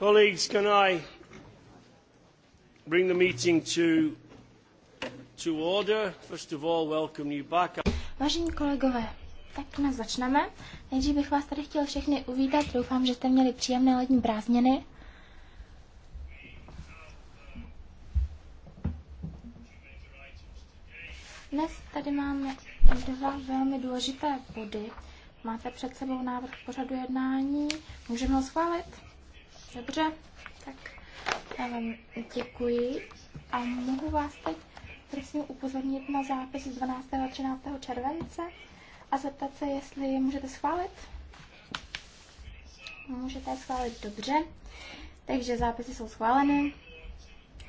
Colleagues, can I bring the meeting to, to order? First of all, welcome you back. Vážení kolegové, tak nás začneme. Nejdřív bych vás tady chtěl všechny uvítat. Doufám, že jste měli příjemné letní prázdniny. Dnes tady máme dva velmi důležité body. Máte před sebou návrh pořadu jednání. Můžeme ho schválit? Dobře, tak já vám děkuji a mohu vás teď prosím upozornit na zápis z 12. a 13. července a zeptat se, jestli je můžete schválit. Můžete je schválit dobře, takže zápisy jsou schváleny.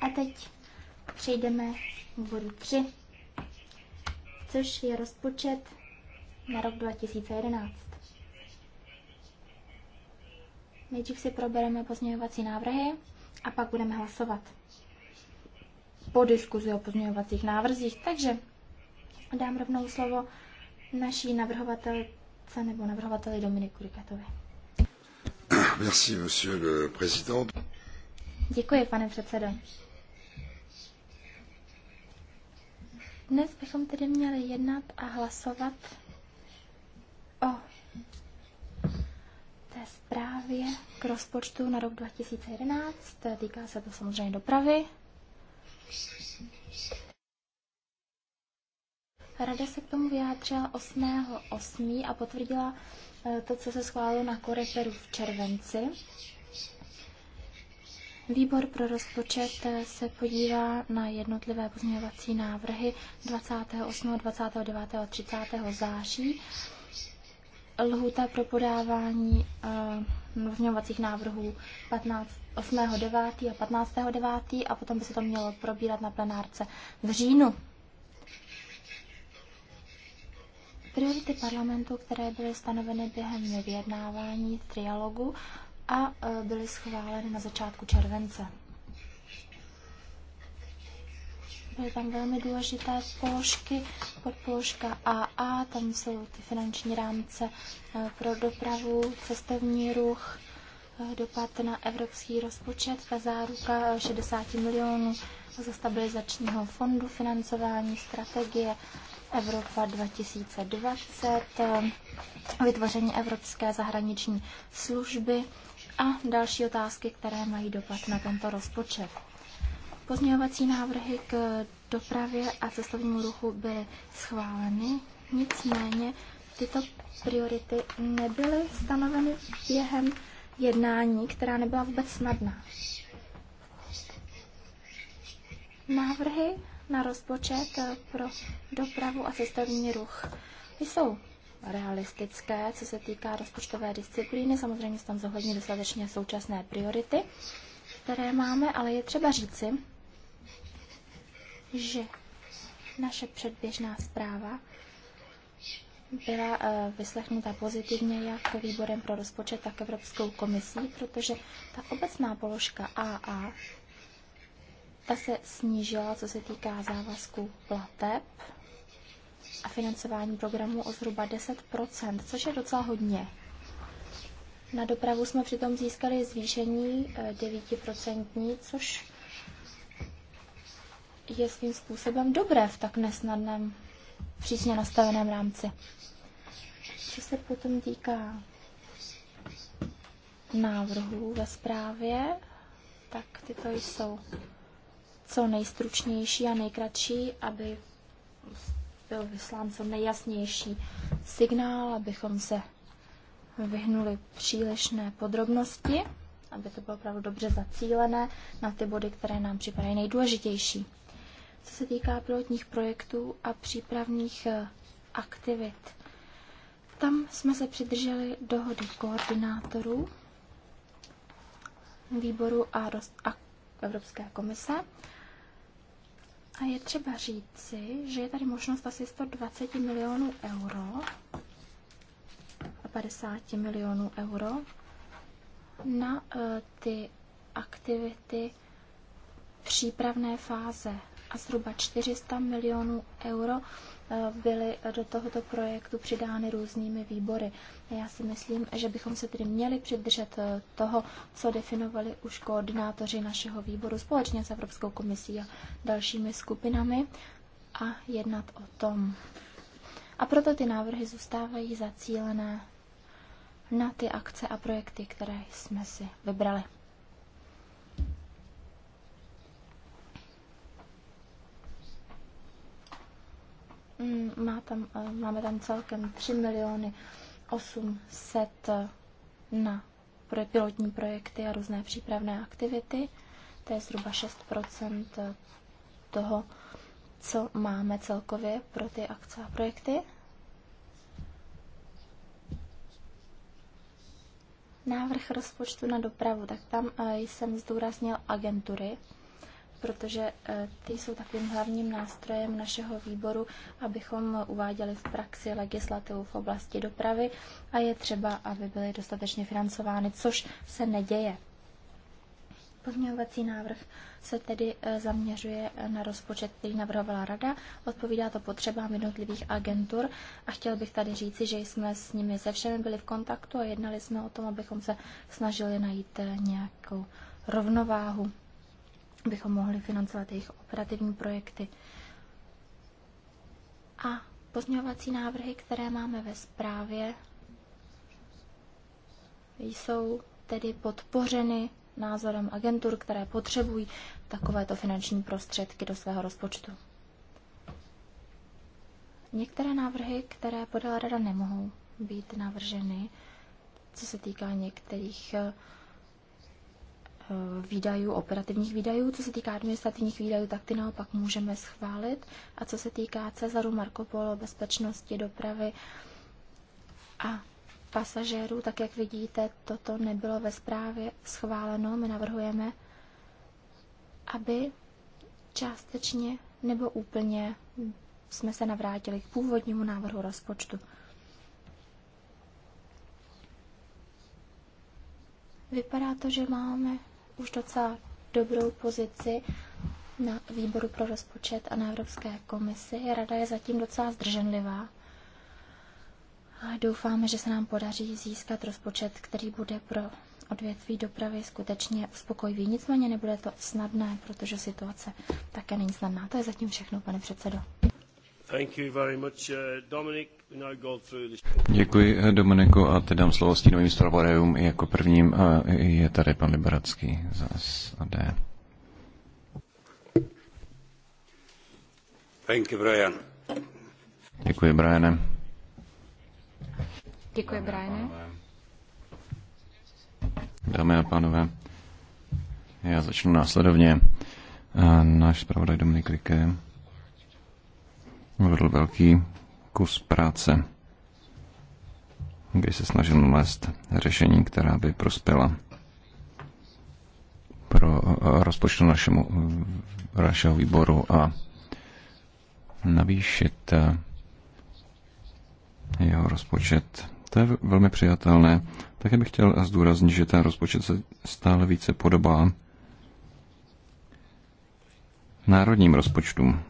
A teď přejdeme k bodu 3, což je rozpočet na rok 2011. Nejdřív si probereme pozměňovací návrhy a pak budeme hlasovat po diskuzi o pozměňovacích návrzích. Takže dám rovnou slovo naší navrhovatelce nebo navrhovateli Dominiku Rikatovi. Merci, monsieur le président. Děkuji, pane předsedo. Dnes bychom tedy měli jednat a hlasovat o zprávě k rozpočtu na rok 2011. Týká se to samozřejmě dopravy. Rada se k tomu vyjádřila 8.8. a potvrdila eh, to, co se schválilo na Koreperu v červenci. Výbor pro rozpočet eh, se podívá na jednotlivé pozměňovací návrhy 28., 29. a 30. září lhůta pro podávání uh, návrhů 15, 8.9. a 15.9. a potom by se to mělo probírat na plenárce v říjnu. Priority parlamentu, které byly stanoveny během vyjednávání trialogu a eh, byly schváleny na začátku července. Byly tam velmi důležité položky, podpoložka AA, tam jsou ty finanční rámce eh, pro dopravu, cestovní ruch, eh, dopad na evropský rozpočet, ta záruka 60 eh, milionů ze stabilizačního fondu financování strategie Evropa 2020, vytvoření evropské zahraniční služby a další otázky, které mají dopad na tento rozpočet. Pozměňovací návrhy k dopravě a cestovnímu ruchu byly schváleny, nicméně tyto priority nebyly stanoveny během jednání, která nebyla vůbec snadná. Návrhy na rozpočet pro dopravu a cestovní ruch jsou realistické, co se týká rozpočtové disciplíny. Samozřejmě jsou tam zohlední dostatečně současné priority, které máme, ale je třeba říci, že naše předběžná zpráva byla eh, vyslechnuta pozitivně jak výborem pro rozpočet, tak Evropskou komisí, protože ta obecná položka AA, ta se snížila, co se týká závazků plateb a financování programu o zhruba 10%, což je docela hodně. Na dopravu jsme přitom získali zvýšení 9%, eh, což je svým způsobem dobré v tak nesnadném, přísně nastaveném rámci. Co se potom týká návrhů ve zprávě, tak tyto jsou co nejstručnější a nejkratší, aby byl vyslán co nejjasnější signál, abychom se vyhnuli přílišné podrobnosti, aby to bylo opravdu dobře zacílené na ty body, které nám připadají nejdůležitější co se týká pilotních projektů a přípravných eh, aktivit. Tam jsme se přidrželi dohody koordinátorů výboru a, a Evropské komise. A je třeba říci, že je tady možnost asi 120 milionů euro a 50 milionů euro na eh, ty aktivity přípravné fáze a zhruba 400 milionů euro eh, byly do tohoto projektu přidány různými výbory. Já si myslím, že bychom se tedy měli přidržet eh, toho, co definovali už koordinátoři našeho výboru společně s Evropskou komisí a dalšími skupinami a jednat o tom. A proto ty návrhy zůstávají zacílené na ty akce a projekty, které jsme si vybrali. Mm, má tam, eh, máme tam celkem 3 miliony 800 eh, na pilotní projekty a různé přípravné aktivity. To je zhruba 6 eh, toho, co máme celkově pro ty akce a projekty. Návrh rozpočtu na dopravu, tak tam jsem zdůraznil agentury protože eh, ty jsou takovým hlavním nástrojem našeho výboru, abychom uváděli v praxi legislativu v oblasti dopravy a je třeba, aby byly dostatečně financovány, což se neděje. Pozměňovací návrh se tedy eh, zaměřuje na rozpočet, který navrhovala Rada, odpovídá to potřebám jednotlivých agentur a chtěl bych tady říci, že jsme s nimi se všemi byli v kontaktu a jednali jsme o tom, abychom se snažili najít eh, nějakou rovnováhu bychom mohli financovat jejich operativní projekty. A pozměňovací návrhy, které máme ve zprávě, jsou tedy podpořeny názorem agentur, které potřebují takovéto finanční prostředky do svého rozpočtu. Některé návrhy, které podala rada, nemohou být navrženy, co se týká některých uh, Eh, výdajů, operativních výdajů. Co se týká administrativních výdajů, tak ty naopak můžeme schválit. A co se týká Cezaru, Marco Polo, bezpečnosti, dopravy a pasažérů, tak jak vidíte, toto nebylo ve zprávě schváleno. My navrhujeme, aby částečně nebo úplně jsme se navrátili k původnímu návrhu rozpočtu. Vypadá to, že máme už docela dobrou pozici na výboru pro rozpočet a na Evropské komisi. Rada je zatím docela zdrženlivá. A doufáme, že se nám podaří získat rozpočet, který bude pro odvětví dopravy skutečně uspokojivý. Nicméně nebude to snadné, protože situace také není snadná. To je zatím všechno, pane předsedo. Uh, Děkuji, eh, Dominiku, a teď dám slovo stínovým zpravodajům. Jako prvním eh, je tady pan Liberacký za SAD. Thank you, Brian. Děkuji, Brian. Děkuji, Briane. Dámy a pánové, já začnu následovně. Eh, náš zpravodaj Dominik Rikem vedl velký kus práce, kdy se snažil nalézt řešení, která by prospěla pro eh, rozpočtu našemu, eh, našeho výboru a navýšit eh, jeho rozpočet. To je velmi přijatelné. Také bych chtěl zdůraznit, že ten rozpočet se stále více podobá národním rozpočtům.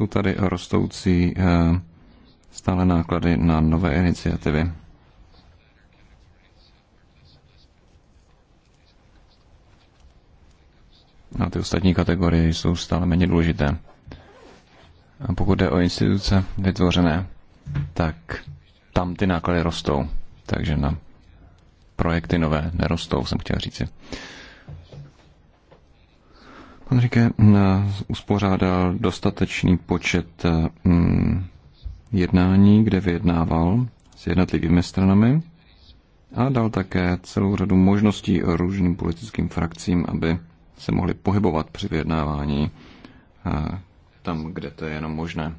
Jsou tady rostoucí eh, stále náklady na nové iniciativy. A ty ostatní kategorie jsou stále méně důležité. A pokud jde o instituce vytvořené, tak tam ty náklady rostou. Takže na projekty nové nerostou, jsem chtěl říci říká, mm, uspořádal dostatečný počet mm, jednání, kde vyjednával s jednotlivými stranami a dal také celou řadu možností různým politickým frakcím, aby se mohli pohybovat při vyjednávání eh, tam, kde to je jenom možné.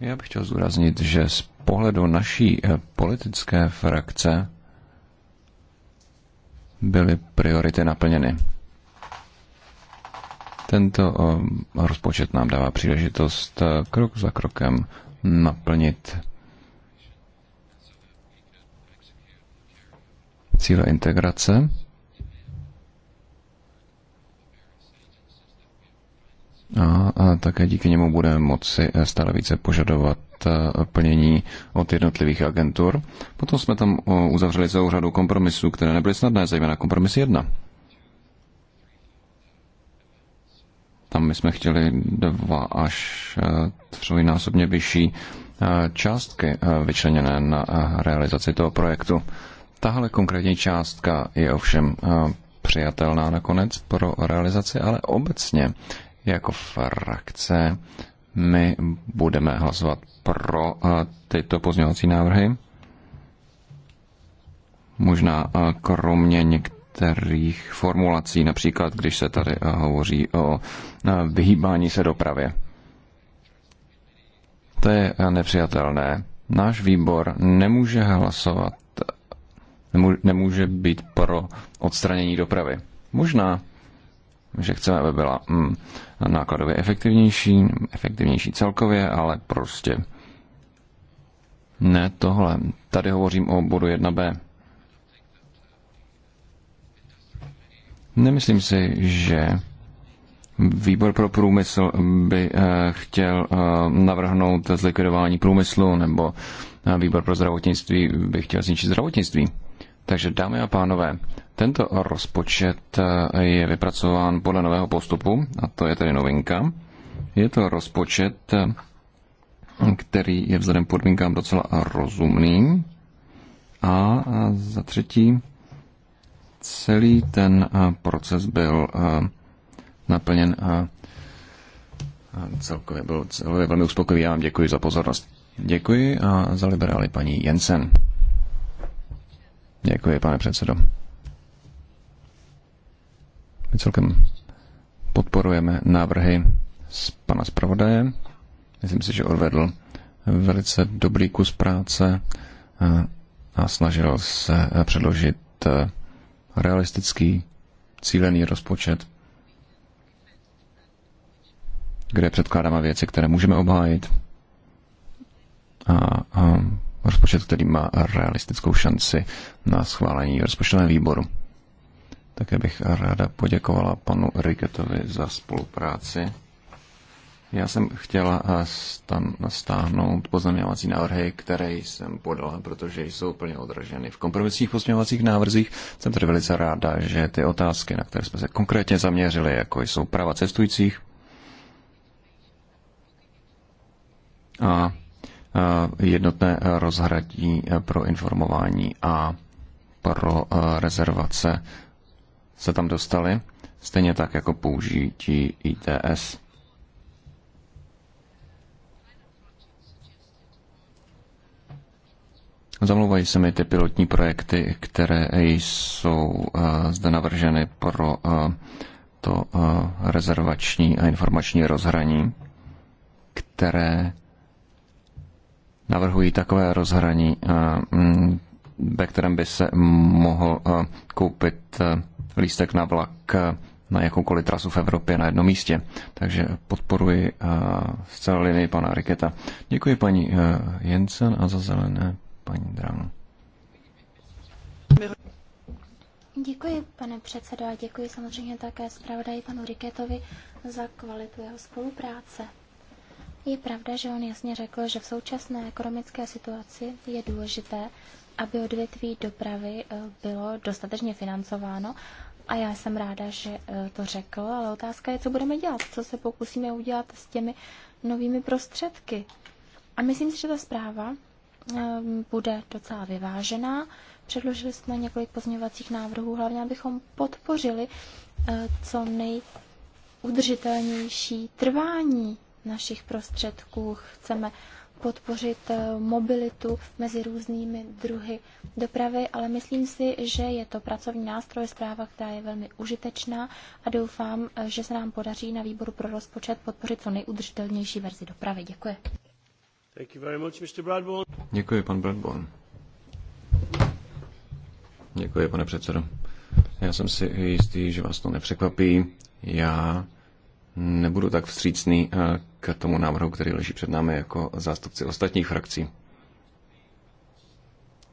Já bych chtěl zdůraznit, že z pohledu naší eh, politické frakce byly priority naplněny. Tento rozpočet nám dává příležitost e, krok za krokem naplnit cíle integrace. A, a také díky němu budeme moci e, stále více požadovat e, plnění od jednotlivých agentur. Potom jsme tam uzavřeli celou řadu kompromisů, které nebyly snadné, zejména kompromis 1. Tam my jsme chtěli dva až eh, trojnásobně vyšší eh, částky eh, vyčleněné na realizaci toho projektu. Tahle konkrétní částka je ovšem přijatelná nakonec pro realizaci, ale obecně jako frakce my budeme hlasovat pro tyto pozměňovací návrhy. Možná kromě některých některých formulací, například když se tady eh, hovoří o vyhýbání se dopravě. To je eh, nepřijatelné. Náš výbor nemůže hlasovat, nemůže být pro odstranění dopravy. Možná, že chceme, aby byla mm, nákladově efektivnější, efektivnější celkově, ale prostě ne tohle. Tady hovořím o bodu 1b. Nemyslím si, že výbor pro průmysl by eh, chtěl eh, navrhnout zlikvidování průmyslu nebo eh, výbor pro zdravotnictví by chtěl zničit zdravotnictví. Takže dámy a pánové, tento rozpočet je vypracován podle nového postupu, a to je tedy novinka. Je to rozpočet, který je vzhledem podmínkám docela rozumný. A za třetí, celý ten eh, proces byl eh, naplněn a eh, celkově byl celkově velmi uspokojivý. Já vám děkuji za pozornost. Děkuji a za liberály paní Jensen. Děkuji, pane předsedo. My celkem podporujeme návrhy z pana zpravodaje. Myslím si, že odvedl velice dobrý kus práce a snažil se předložit realistický, cílený rozpočet, kde předkládáme věci, které můžeme obhájit a, a rozpočet, který má realistickou šanci na schválení rozpočtového výboru. Také bych ráda poděkovala panu Riketovi za spolupráci já jsem chtěla eh, tam stáhnout pozměňovací návrhy, které jsem podala, protože jsou plně odraženy. V kompromisních pozměňovacích návrzích jsem tedy velice ráda, že ty otázky, na které jsme se konkrétně zaměřili, jako jsou práva cestujících a eh, jednotné rozhradí eh, pro informování a pro rezervace se tam dostaly, stejně tak jako použití ITS Zamlouvají se mi ty pilotní projekty, které jsou eh, zde navrženy pro eh, to eh, rezervační a informační rozhraní, které navrhují takové rozhraní, mm, ve kterém by se mohl koupit lístek na vlak na jakoukoliv trasu v Evropě na jednom místě. Takže podporuji z celé linii pana Riketa. Děkuji paní Jensen a za zelené paní Drang. Děkuji, pane předsedo, a děkuji samozřejmě také zpravodaji panu Riketovi za kvalitu jeho spolupráce. Je pravda, že on jasně řekl, že v současné ekonomické situaci je důležité, aby odvětví dopravy eh, bylo dostatečně financováno a já jsem ráda, že eh, to řekl, ale otázka je, co budeme dělat, co se pokusíme udělat s těmi novými prostředky. A myslím si, že ta zpráva Ehm, bude docela vyvážená. Předložili jsme několik pozměňovacích návrhů, hlavně abychom podpořili eh, co nejudržitelnější trvání našich prostředků. Chceme podpořit eh, mobilitu mezi různými druhy dopravy, ale myslím si, že je to pracovní nástroj, zpráva, která je velmi užitečná a doufám, eh, že se nám podaří na výboru pro rozpočet podpořit co nejudržitelnější verzi dopravy. Děkuji. Děkuji, pan Bradborn. Děkuji, pane předsedo. Já jsem si jistý, že vás to nepřekvapí. Já nebudu tak vstřícný eh, k tomu návrhu, který leží před námi jako zástupci ostatních frakcí.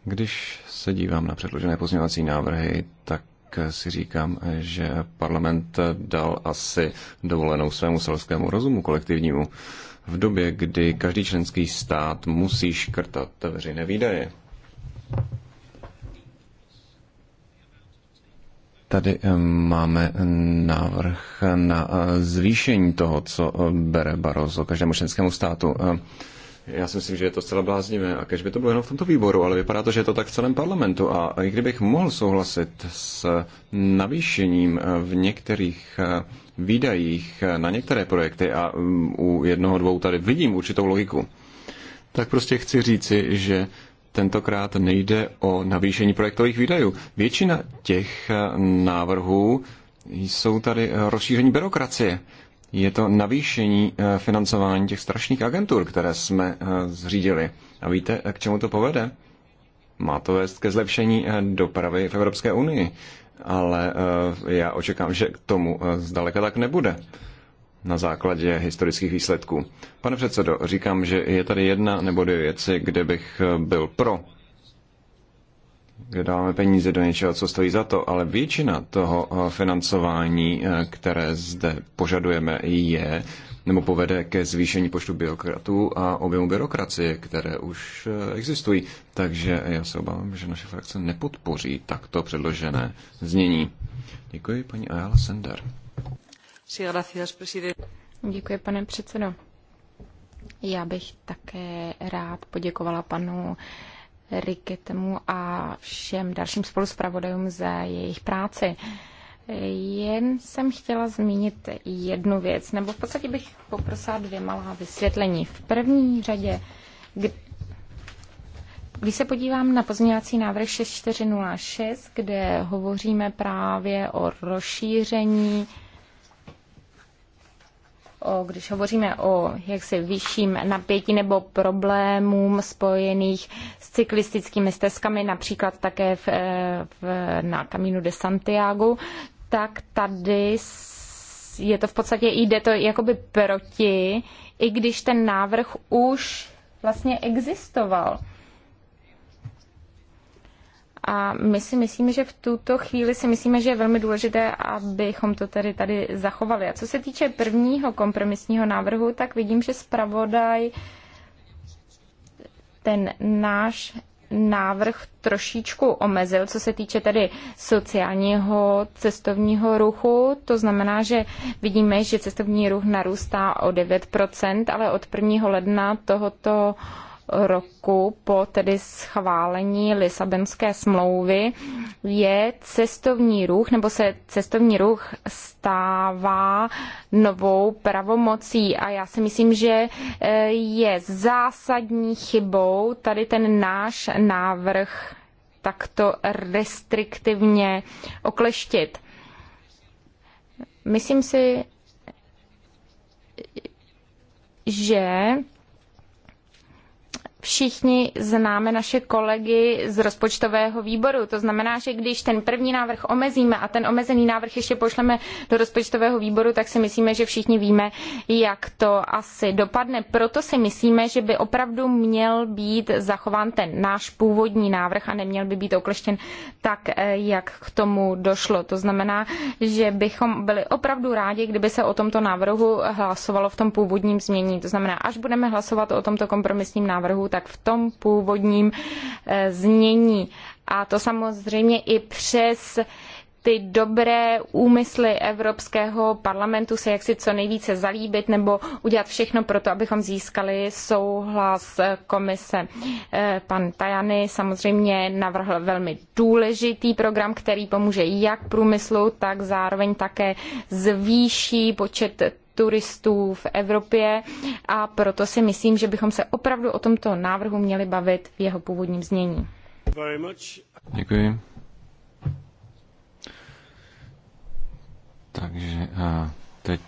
Když se dívám na předložené pozměňovací návrhy, tak eh, si říkám, že parlament dal asi dovolenou svému selskému rozumu kolektivnímu v době, kdy každý členský stát musí škrtat veřejné výdaje. Tady eh, máme návrh na eh, zvýšení toho, co eh, bere Barozo každému členskému státu. Já si myslím, že je to zcela bláznivé a kež by to bylo jenom v tomto výboru, ale vypadá to, že je to tak v celém parlamentu a i kdybych mohl souhlasit s navýšením eh, v některých eh, výdajích eh, na některé projekty a mm, u jednoho dvou tady vidím určitou logiku, tak prostě chci říci, že tentokrát nejde o navýšení projektových výdajů. Většina těch návrhů jsou tady rozšíření byrokracie je to navýšení eh, financování těch strašných agentur, které jsme eh, zřídili. A víte, eh, k čemu to povede? Má to vést ke zlepšení dopravy v Evropské unii, ale já očekám, že k tomu zdaleka tak nebude na základě historických výsledků. Pane předsedo, říkám, že je tady jedna nebo dvě věci, kde bych byl pro dáváme peníze do něčeho, co stojí za to, ale většina toho eh, financování, eh, které zde požadujeme, je nebo povede ke zvýšení počtu byrokratů a objemu byrokracie, které už eh, existují. Takže já se obávám, že naše frakce nepodpoří takto předložené znění. Děkuji, paní Ayala Sender. Děkuji, pane předsedo. Já bych také rád poděkovala panu Riketemu a všem dalším spoluspravodajům za jejich práci. Jen jsem chtěla zmínit jednu věc, nebo v podstatě bych poprosila dvě malá vysvětlení. V první řadě, když se podívám na pozměňovací návrh 6406, kde hovoříme právě o rozšíření o, když hovoříme o jaksi vyšším napětí nebo problémům spojených s cyklistickými stezkami, například také v, e, v, na Camino de Santiago, tak tady je to v podstatě, jde to jakoby proti, i když ten návrh už vlastně existoval. A my si myslíme, že v tuto chvíli si myslíme, že je velmi důležité, abychom to tedy tady zachovali. A co se týče prvního kompromisního návrhu, tak vidím, že zpravodaj ten náš návrh trošičku omezil, co se týče tedy sociálního cestovního ruchu. To znamená, že vidíme, že cestovní ruch narůstá o 9%, ale od 1. ledna tohoto roku po tedy schválení Lisabonské smlouvy je cestovní ruch, nebo se cestovní ruch stává novou pravomocí a já si myslím, že eh, je zásadní chybou tady ten náš návrh takto restriktivně okleštit. Myslím si, že všichni známe naše kolegy z rozpočtového výboru. To znamená, že když ten první návrh omezíme a ten omezený návrh ještě pošleme do rozpočtového výboru, tak si myslíme, že všichni víme, jak to asi dopadne. Proto si myslíme, že by opravdu měl být zachován ten náš původní návrh a neměl by být okleštěn tak, eh, jak k tomu došlo. To znamená, že bychom byli opravdu rádi, kdyby se o tomto návrhu hlasovalo v tom původním změní. To znamená, až budeme hlasovat o tomto kompromisním návrhu, tak v tom původním eh, znění. A to samozřejmě i přes ty dobré úmysly Evropského parlamentu se jaksi co nejvíce zalíbit nebo udělat všechno pro to, abychom získali souhlas komise. Eh, pan Tajany samozřejmě navrhl velmi důležitý program, který pomůže jak průmyslu, tak zároveň také zvýší počet turistů v Evropě a proto si myslím, že bychom se opravdu o tomto návrhu měli bavit v jeho původním znění. Děkuji. Takže a teď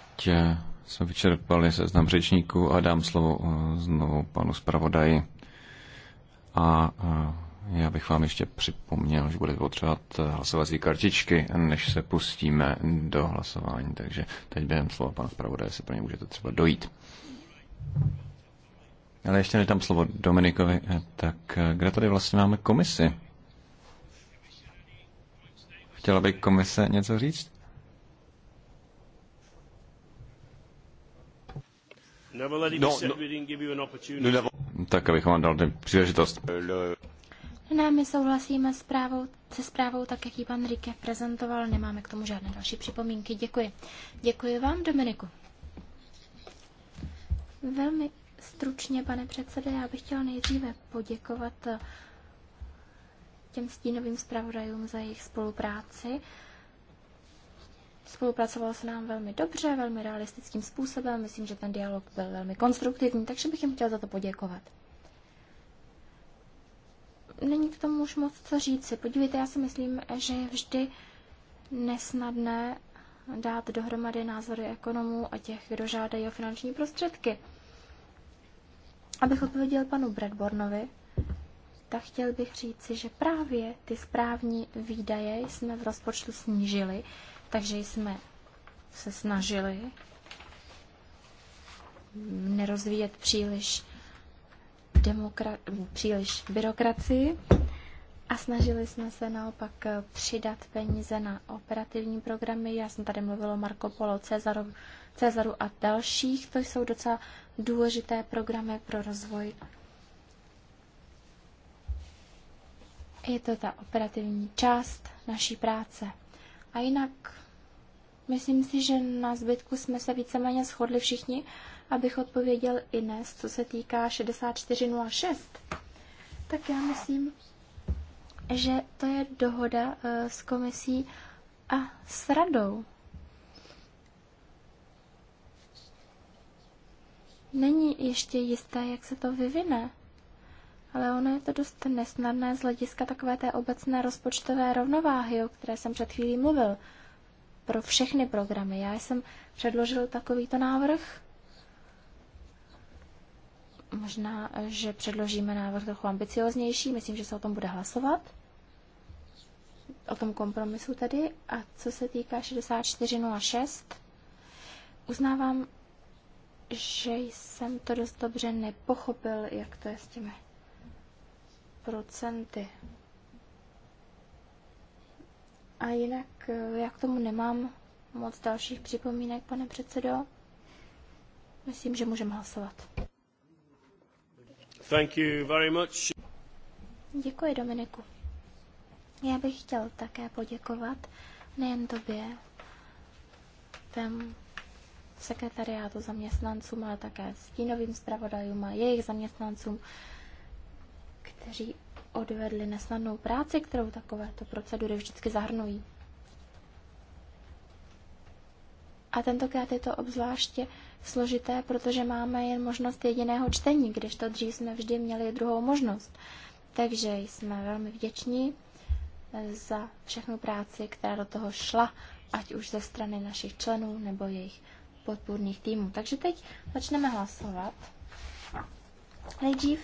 jsme vyčerpali seznam řečníků a dám slovo znovu panu zpravodaji. A, a já bych vám ještě připomněl, že budete potřebovat eh, hlasovací kartičky, než se pustíme do hlasování, takže teď během slova pana zpravodaje se pro ně můžete třeba dojít. Ale ještě nedám slovo Dominikovi, eh, tak eh, kde tady vlastně máme komisi? Chtěla by komise něco říct? No, no, no tak abychom vám dal příležitost. Námi my souhlasíme s právou, se zprávou, tak jak ji pan Rike prezentoval. Nemáme k tomu žádné další připomínky. Děkuji. Děkuji vám, Dominiku. Velmi stručně, pane předsedo, já bych chtěla nejdříve poděkovat eh, těm stínovým zpravodajům za jejich spolupráci. Spolupracovalo se nám velmi dobře, velmi realistickým způsobem. Myslím, že ten dialog byl velmi konstruktivní, takže bych jim chtěla za to poděkovat není k tomu už moc co říci. Podívejte, já si myslím, že je vždy nesnadné dát dohromady názory ekonomů a těch, kdo žádají o finanční prostředky. Abych odpověděl panu Bradbornovi, tak chtěl bych říci, že právě ty správní výdaje jsme v rozpočtu snížili, takže jsme se snažili nerozvíjet příliš demokra- příliš byrokracii a snažili jsme se naopak eh, přidat peníze na operativní programy. Já jsem tady mluvila o Marco Polo, Cezaru, Cezaru a dalších. To jsou docela důležité programy pro rozvoj. Je to ta operativní část naší práce. A jinak myslím si, že na zbytku jsme se víceméně shodli všichni abych odpověděl Ines, co se týká 6406, tak já myslím, že to je dohoda eh, s komisí a s radou. Není ještě jisté, jak se to vyvine, ale ono je to dost nesnadné z hlediska takové té obecné rozpočtové rovnováhy, o které jsem před chvílí mluvil pro všechny programy. Já jsem předložil takovýto návrh Možná, eh, že předložíme návrh trochu ambicioznější, myslím, že se o tom bude hlasovat. O tom kompromisu tedy. A co se týká 6406, uznávám, že jsem to dost dobře nepochopil, jak to je s těmi procenty. A jinak eh, já k tomu nemám moc dalších připomínek, pane předsedo. Myslím, že můžeme hlasovat. Děkuji, Dominiku. Já bych chtěl také poděkovat nejen tobě, tém sekretariátu zaměstnancům, ale také stínovým zpravodajům a jejich zaměstnancům, kteří odvedli nesnadnou práci, kterou takovéto procedury vždycky zahrnují. A tentokrát je to obzvláště složité, protože máme jen možnost jediného čtení, když to dřív jsme vždy měli druhou možnost. Takže jsme velmi vděční eh, za všechnu práci, která do toho šla, ať už ze strany našich členů nebo jejich podpůrných týmů. Takže teď začneme hlasovat. Nejdřív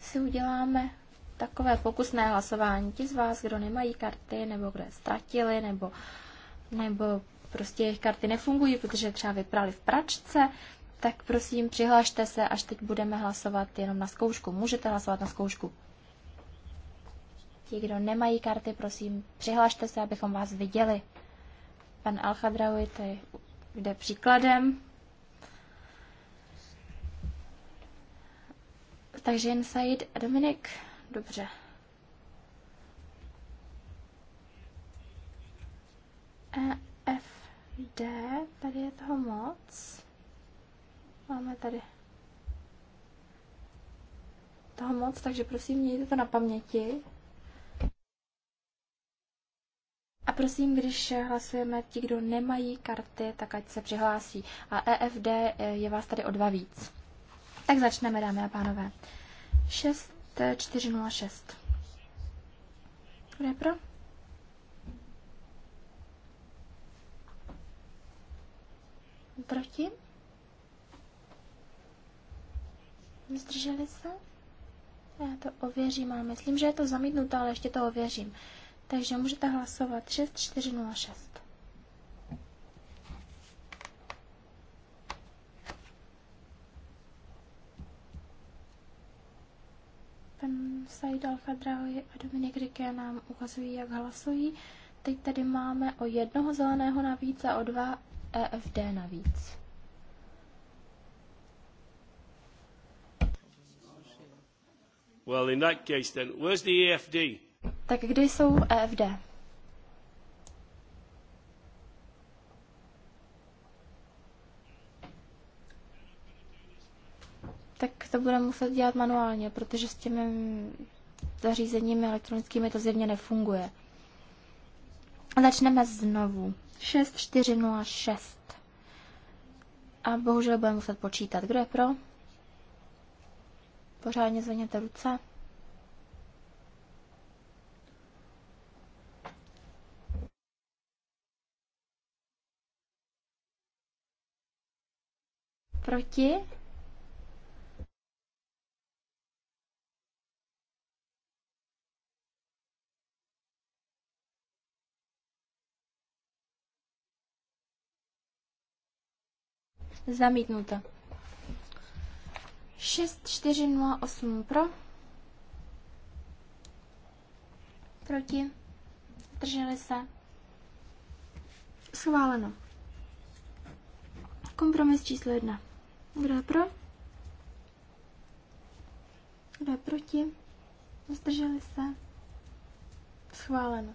si uděláme takové pokusné hlasování. Ti z vás, kdo nemají karty, nebo kdo je ztratili, nebo, nebo prostě jejich karty nefungují, protože třeba vyprali v pračce, tak prosím přihlašte se, až teď budeme hlasovat jenom na zkoušku. Můžete hlasovat na zkoušku. Ti, kdo nemají karty, prosím přihlašte se, abychom vás viděli. Pan Alchadraui to jde příkladem. Takže jen Said a Dominik. Dobře. A D, tady je toho moc. Máme tady toho moc, takže prosím, mějte to na paměti. A prosím, když hlasujeme ti, kdo nemají karty, tak ať se přihlásí. A EFD eh, je vás tady o dva víc. Tak začneme, dámy a pánové. 6406. Eh, kdo je pro? Proti? Zdrželi se? Já to ověřím, ale myslím, že je to zamítnuto, ale ještě to ověřím. Takže můžete hlasovat 6406. Pan Said al a Dominik Riké nám ukazují, jak hlasují. Teď tady máme o jednoho zeleného navíc a o dva EFD navíc. Well, in that case then, where's the EFD? Tak kde jsou EFD? Tak to budeme muset dělat manuálně, protože s těmi zařízeními elektronickými to zjevně nefunguje. A začneme znovu. 6406. A bohužel budeme muset počítat. Kdo je pro? Pořádně zvedněte ruce. Proti? Zamítnuto. 6408 pro. Proti. Drželi se. Schváleno. Kompromis číslo jedna. Kdo je pro? Kdo je proti? Zdrželi se. Schváleno.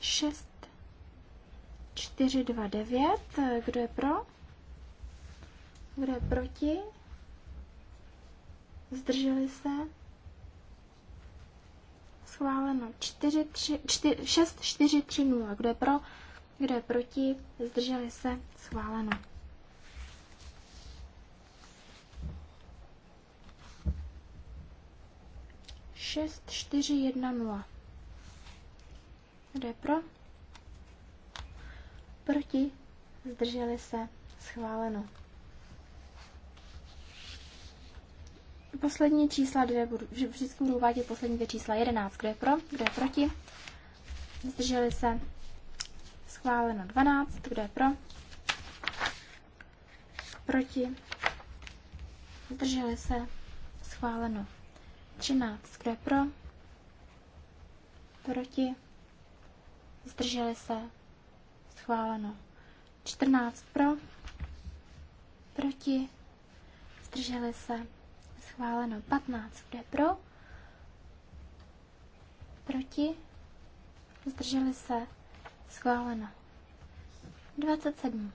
6 429. Kdo je pro? Kdo je proti? Zdrželi se? Schváleno 4, 3, 4, 6, 4, 3, 0. Kdo je pro? Kdo je proti? Zdrželi se? Schváleno. Šest, čtyři, jedna, nula. Kdo je pro? proti, zdrželi se, schváleno. Poslední čísla dvě, budu, vždycky budu uvádět poslední dvě čísla, jedenáct kdo je pro, kdo je proti, zdrželi se, schváleno Dvanáct, kdo je pro, proti, zdrželi se, schváleno třináct kdo je pro, proti, zdrželi se, schváleno. 14 pro, proti, zdrželi se, schváleno. 15 kde pro, proti, zdrželi se, schváleno. 27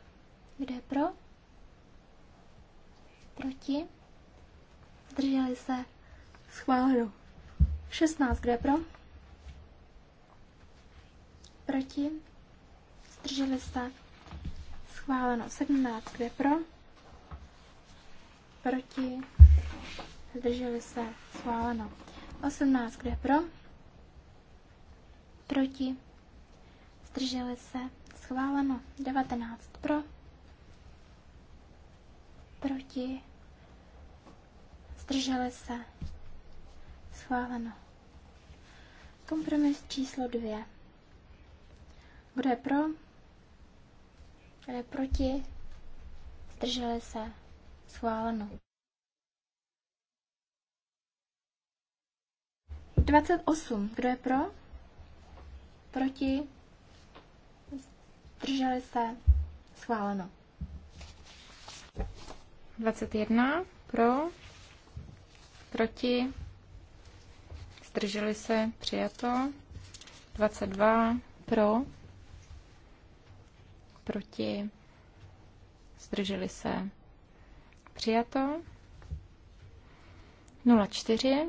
kde pro, proti, zdrželi se, schváleno. 16 kde pro, proti, zdrželi se, schváleno 17, kde pro, proti, zdrželi se, schváleno 18, kde pro, proti, zdrželi se, schváleno 19, pro, proti, zdrželi se, schváleno. Kompromis číslo 2. Kdo je pro? Kdo je proti? Zdrželi se? Schváleno. 28. Kdo je pro? Proti? Zdrželi se? Schváleno. 21. Pro? Proti? Zdrželi se? Přijato. 22. Pro? proti, zdrželi se, přijato. 04,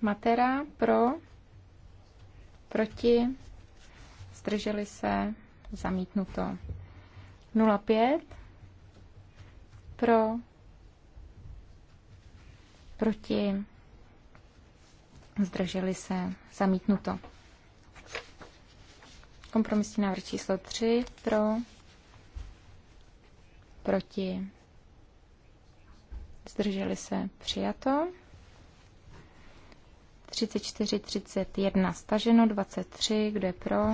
Matera, pro, proti, zdrželi se, zamítnuto. 05, pro, proti, zdrželi se, zamítnuto. Kompromisní návrh číslo 3 pro, proti, zdrželi se přijato. 34, 31 staženo, 23, kdo je pro,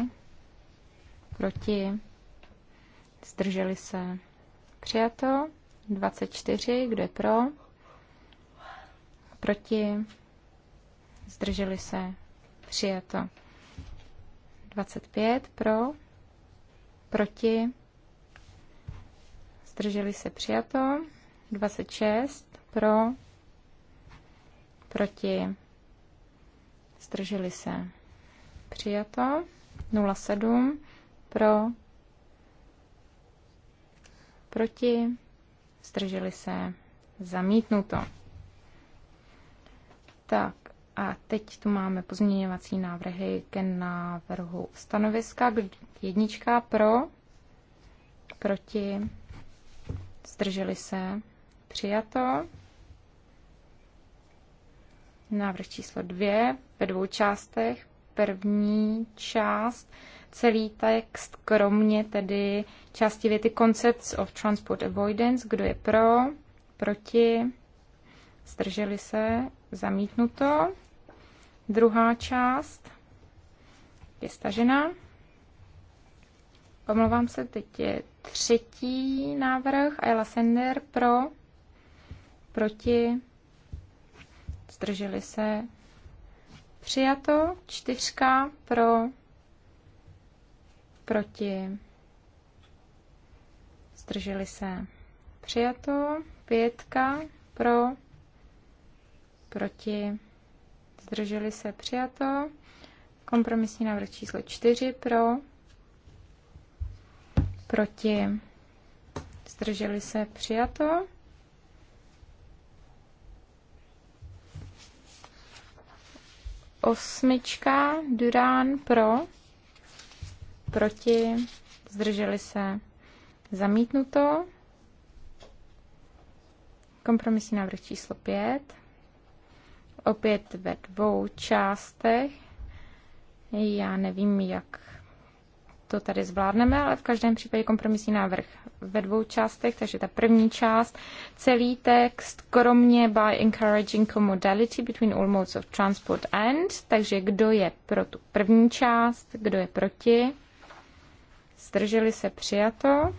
proti, zdrželi se přijato. 24, kdo je pro, proti, zdrželi se přijato. 25 pro, proti, zdrželi se přijato, 26 pro, proti, zdrželi se přijato, 07 pro, proti, zdrželi se zamítnuto. Tak, a teď tu máme pozměňovací návrhy ke návrhu stanoviska. Jednička pro, proti, zdrželi se, přijato. Návrh číslo dvě ve dvou částech. První část, celý text, kromě tedy části věty Concepts of Transport Avoidance, kdo je pro, proti, zdrželi se, zamítnuto. Druhá část je stažena. Omlouvám se, teď je třetí návrh. Ayla Sender pro, proti, zdrželi se, přijato. Čtyřka pro, proti, zdrželi se, přijato. Pětka pro, proti, zdrželi se přijato. Kompromisní návrh číslo 4 pro, proti, zdrželi se přijato. Osmička, Durán pro, proti, zdrželi se zamítnuto. Kompromisní návrh číslo 5 opět ve dvou částech. Já nevím, jak to tady zvládneme, ale v každém případě kompromisní návrh ve dvou částech, takže ta první část, celý text, kromě by encouraging commodality between all modes of transport and, takže kdo je pro tu první část, kdo je proti, zdrželi se přijato.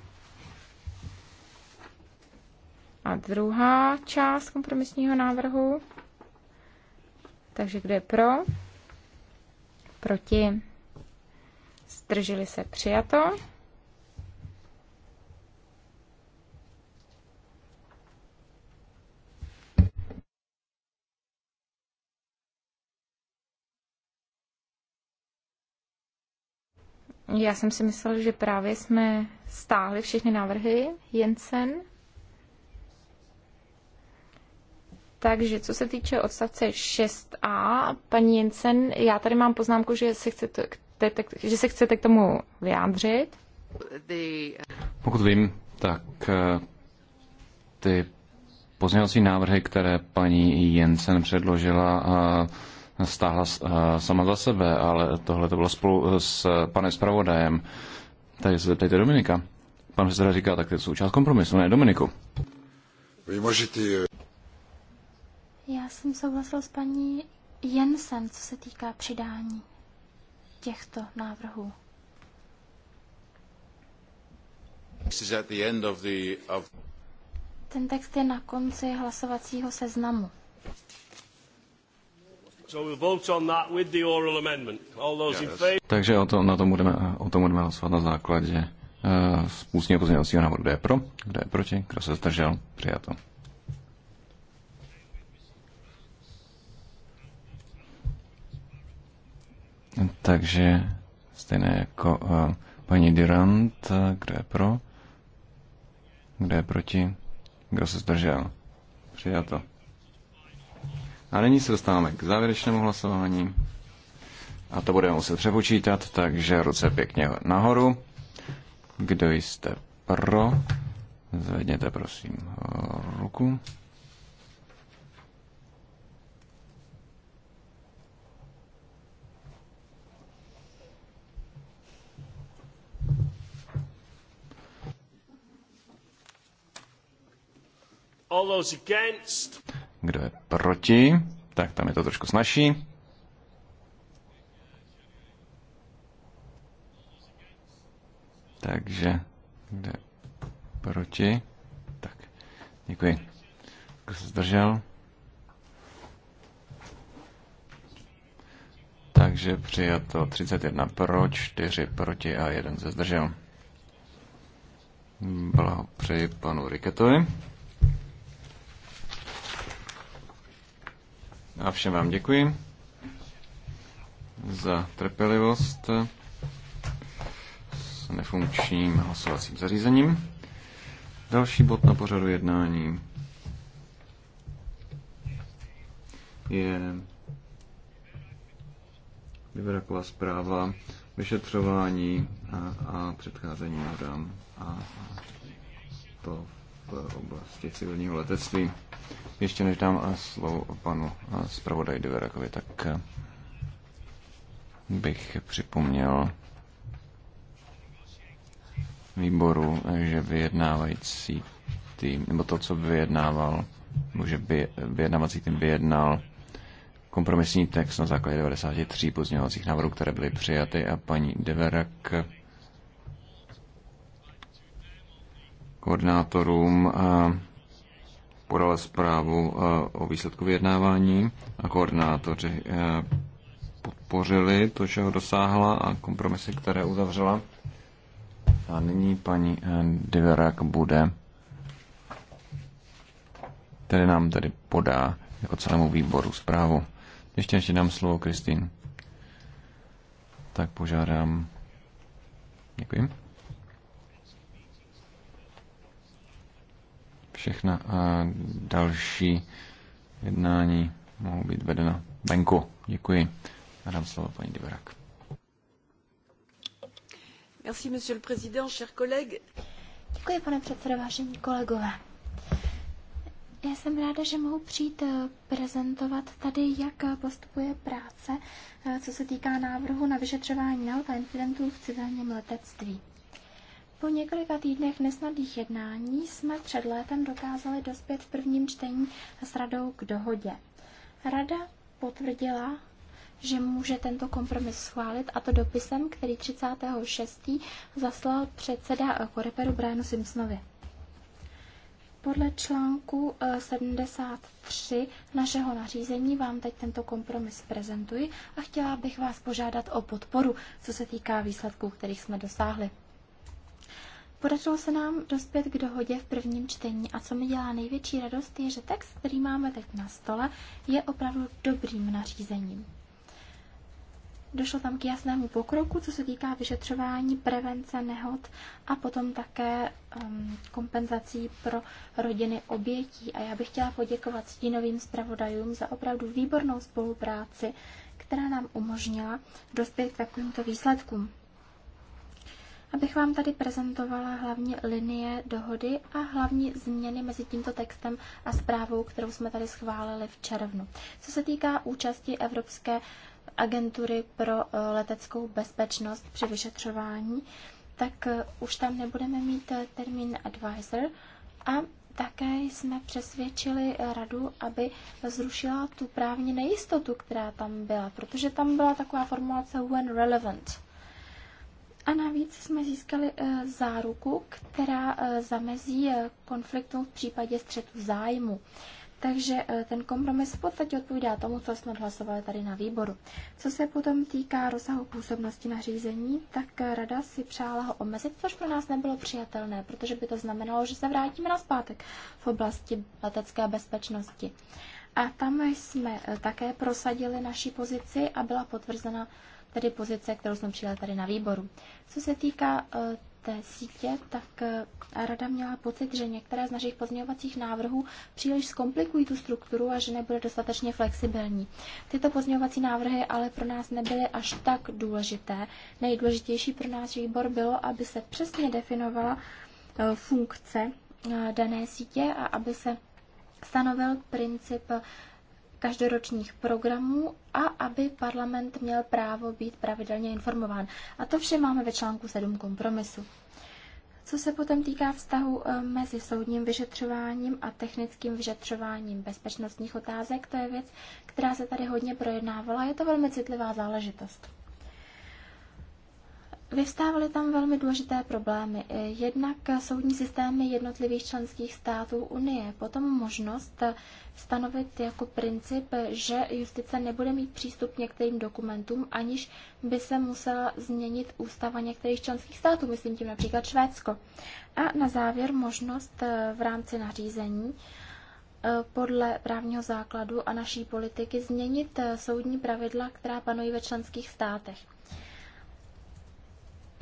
A druhá část kompromisního návrhu. Takže kdo je pro? Proti? Zdrželi se přijato. Já jsem si myslela, že právě jsme stáhli všechny návrhy Jensen. Takže co se týče odstavce 6a, paní Jensen, já tady mám poznámku, že se chcete, že se chcete k tomu vyjádřit. Pokud vím, tak eh, ty pozměňovací návrhy, které paní Jensen předložila, eh, stáhla eh, sama za sebe, ale tohle to bylo spolu s panem zpravodajem. Tady se zeptejte Dominika. Pan předseda říká, tak to je součást kompromisu, ne Dominiku. Já jsem souhlasil s paní Jensen, co se týká přidání těchto návrhů. Ten text je na konci hlasovacího seznamu. Takže o, to, na tom budeme, o tom budeme hlasovat na základě uh, eh, spustně pozměňovacího návodu, Kdo je pro? Kdo je proti? Kdo se zdržel? Přijato. Takže stejné jako eh, paní Durant, eh, kdo je pro, kdo je proti, kdo se zdržel. Přijato. A nyní se dostáváme k závěrečnému hlasování. A to budeme muset přepočítat, takže ruce pěkně nahoru. Kdo jste pro, zvedněte prosím eh, ruku. Kdo je proti? Tak tam je to trošku snažší. Takže, kde proti? Tak, děkuji. Kdo se zdržel? Takže přijato 31 pro, 4 proti a 1 se zdržel. Blahopřeji panu Riketovi. A všem vám děkuji za trpělivost s nefunkčním hlasovacím zařízením. Další bod na pořadu jednání je Vyberaková zpráva, vyšetřování a, a předcházení hodám a, a to v oblasti civilního letectví. Ještě než dám eh, slovo panu eh, zpravodaj Diverakovi, tak eh, bych připomněl výboru, že vyjednávající tým, nebo to, co vyjednával, že by, vyjednávací tým vyjednal kompromisní text na základě 93 pozměňovacích návrhů, které byly přijaty a paní Deverak koordinátorům a podala zprávu eh, o výsledku vyjednávání a koordinátoři eh, podpořili to, čeho dosáhla a kompromisy, které uzavřela. A nyní paní eh, Diverak bude tedy nám tedy podá jako celému výboru zprávu. Ještě ještě dám slovo Kristýn, tak požádám. Děkuji. všechna a eh, další jednání mohou být vedena venku. Děkuji. A dám slovo paní Diverak. Merci, monsieur le président, chers collègues. Děkuji, pane předsedo, vážení kolegové. Já jsem ráda, že mohu přijít eh, prezentovat tady, jak eh, postupuje práce, co se týká návrhu na vyšetřování auta incidentů v civilním letectví. Po několika týdnech nesnadých jednání jsme před létem dokázali dospět v prvním čtení s radou k dohodě. Rada potvrdila, že může tento kompromis schválit, a to dopisem, který 36. zaslal předseda eh, Koreperu Brianu Simpsonovi. Podle článku 73 eh, našeho nařízení vám teď tento kompromis prezentuji a chtěla bych vás požádat o podporu, co se týká výsledků, kterých jsme dosáhli. Podařilo se nám dospět k dohodě v prvním čtení a co mi dělá největší radost je, že text, který máme teď na stole, je opravdu dobrým nařízením. Došlo tam k jasnému pokroku, co se týká vyšetřování, prevence nehod a potom také um, kompenzací pro rodiny obětí. A já bych chtěla poděkovat stínovým zpravodajům za opravdu výbornou spolupráci, která nám umožnila dospět k takovýmto výsledkům abych vám tady prezentovala hlavně linie dohody a hlavní změny mezi tímto textem a zprávou, kterou jsme tady schválili v červnu. Co se týká účasti Evropské agentury pro eh, leteckou bezpečnost při vyšetřování, tak eh, už tam nebudeme mít eh, termín advisor a také jsme přesvědčili radu, aby zrušila tu právní nejistotu, která tam byla, protože tam byla taková formulace when relevant. A navíc jsme získali eh, záruku, která eh, zamezí eh, konfliktu v případě střetu zájmu. Takže ten kompromis v podstatě odpovídá tomu, co jsme hlasovali tady na výboru. Co se potom týká rozsahu působnosti řízení, tak rada si přála ho omezit, což pro nás nebylo přijatelné, protože by to znamenalo, že se vrátíme na zpátek v oblasti letecké bezpečnosti. A tam jsme také prosadili naši pozici a byla potvrzena tedy pozice, kterou jsme přijali tady na výboru. Co se týká eh, té sítě, tak eh, rada měla pocit, že některé z našich pozměňovacích návrhů příliš zkomplikují tu strukturu a že nebude dostatečně flexibilní. Tyto pozměňovací návrhy ale pro nás nebyly až tak důležité. Nejdůležitější pro náš výbor bylo, aby se přesně definovala eh, funkce dané sítě a aby se stanovil princip každoročních programů a aby parlament měl právo být pravidelně informován. A to vše máme ve článku 7 kompromisu. Co se potom týká vztahu eh, mezi soudním vyšetřováním a technickým vyšetřováním bezpečnostních otázek, to je věc, která se tady hodně projednávala. Je to velmi citlivá záležitost. Vystávaly tam velmi důležité problémy. E, jednak soudní systémy jednotlivých členských států Unie, potom možnost stanovit jako princip, že justice nebude mít přístup k některým dokumentům, aniž by se musela změnit ústava některých členských států, myslím tím například Švédsko. A na závěr možnost e, v rámci nařízení e, podle právního základu a naší politiky změnit soudní pravidla, která panují ve členských státech.